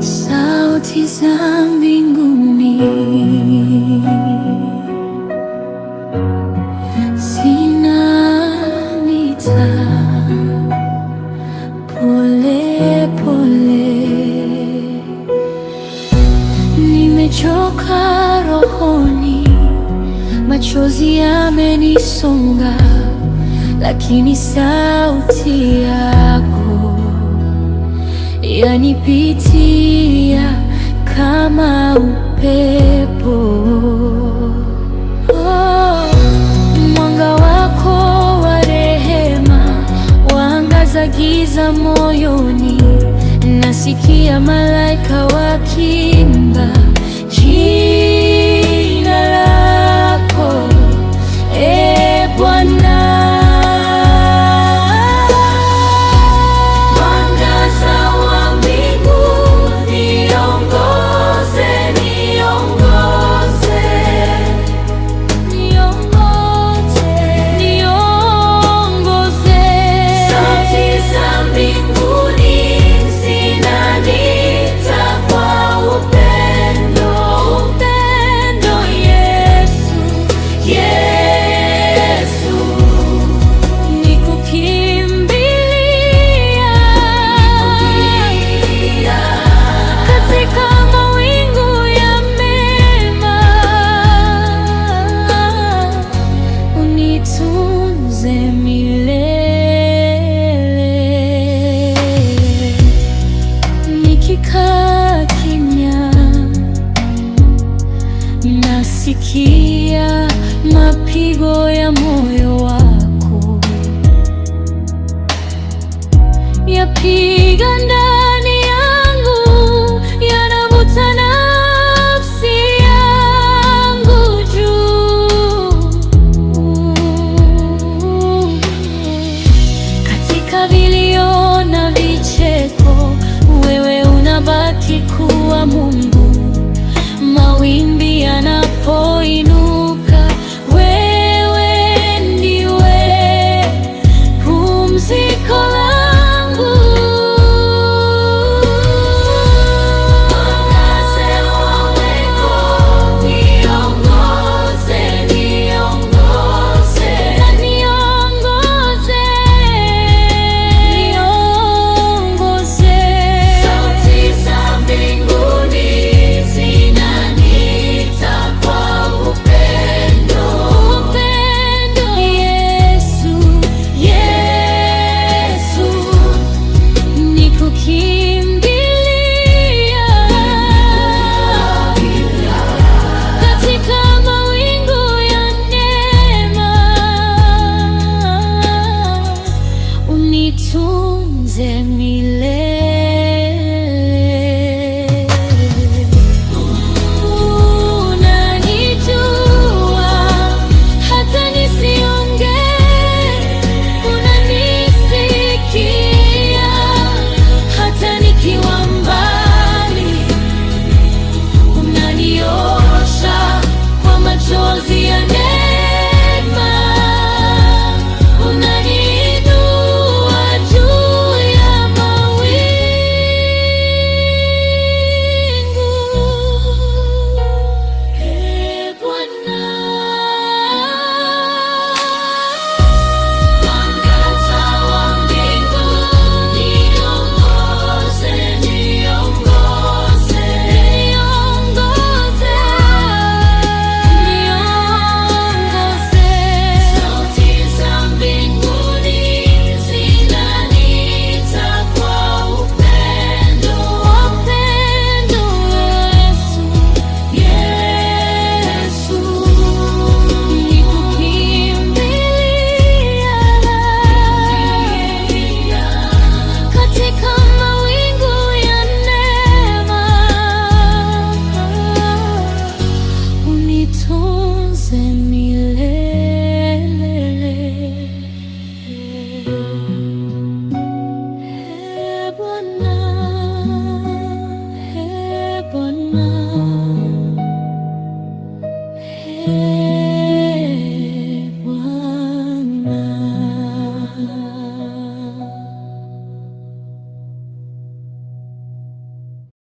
sauti za mbinguni, zinaniita pole pole, nimechoka rohoni, machozi yamenisonga, lakini sauti yako yanipitia kama upepo. Oh, mwanga wako wa rehema waangaza giza moyoni, nasikia malaika waki Sikia mapigo ya moyo wako, yapiga ndani yangu, yanavuta nafsi yangu juu. Katika vilio na vicheko, wewe unabaki kuwa Mungu mawingu poi non send